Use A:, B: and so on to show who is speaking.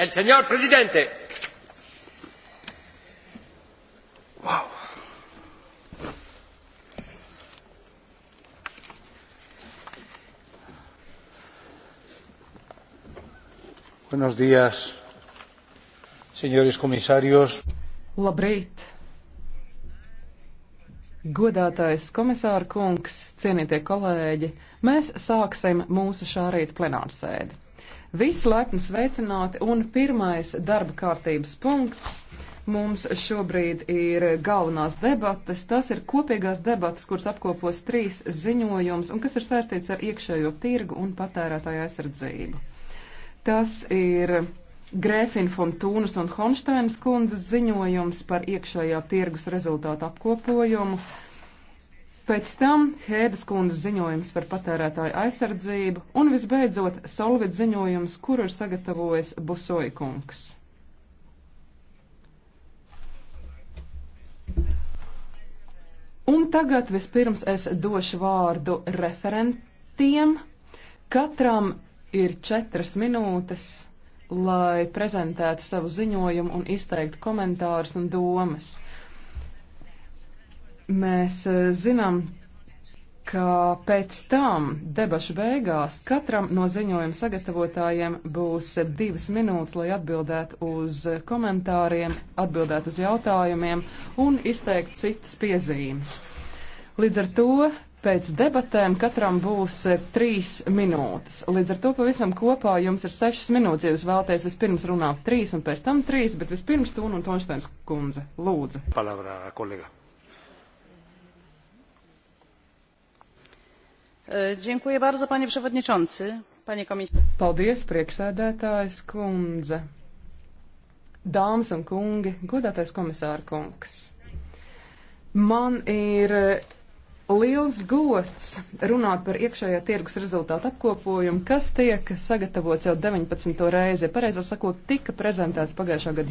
A: El señor presidente. Wow. Buenos días, señores comisarios. Labrīt. Godātais komisāra kungs, cienītie kolēģi, mēs sāksim mūsu šā rīta plenārsēdi. Visu laipni sveicināti un pirmais darba kārtības punkts. Mums šobrīd ir galvenās debates. Tas ir kopīgās debates, kuras apkopos trīs ziņojums un kas ir saistīts ar iekšējo tirgu un patērētāju aizsardzību. Tas ir Grēfina von Tūnas un Honšteinas kundzes ziņojums par iekšējā tirgus rezultātu apkopojumu Pēc tam Hēdas kundzes ziņojums par patērētāju aizsardzību un visbeidzot Solvit ziņojums, kuru ir sagatavojis Busoja kungs. Un tagad vispirms es došu vārdu referentiem. Katram ir četras minūtes, lai prezentētu savu ziņojumu un izteiktu komentārus un domas. Mēs eh, zinām, ka pēc tam debašu beigās katram no ziņojuma sagatavotājiem būs divas minūtes, lai atbildētu uz komentāriem, atbildētu uz jautājumiem un izteikt citas piezīmes. Līdz ar to pēc debatēm katram būs eh, trīs minūtes. Līdz ar to pavisam kopā jums ir sešas minūtes, ja jūs vēlaties vispirms runāt trīs un pēc tam trīs, bet vispirms Tūna un Tonšteins kundze. Lūdzu. Palavrā, kolega. E, dziękuję bardzo, panie przewodniczący, panie komisārze. Paldies, priekšsēdētājs kundze. Dāmas un kungi, godātais komisāra kungs. Man ir liels gods runāt par iekšējā tirgus rezultātu apkopojumu, kas tiek sagatavots jau 19. reizi. Pareizāk sakot, tika prezentēts pagājušā gada.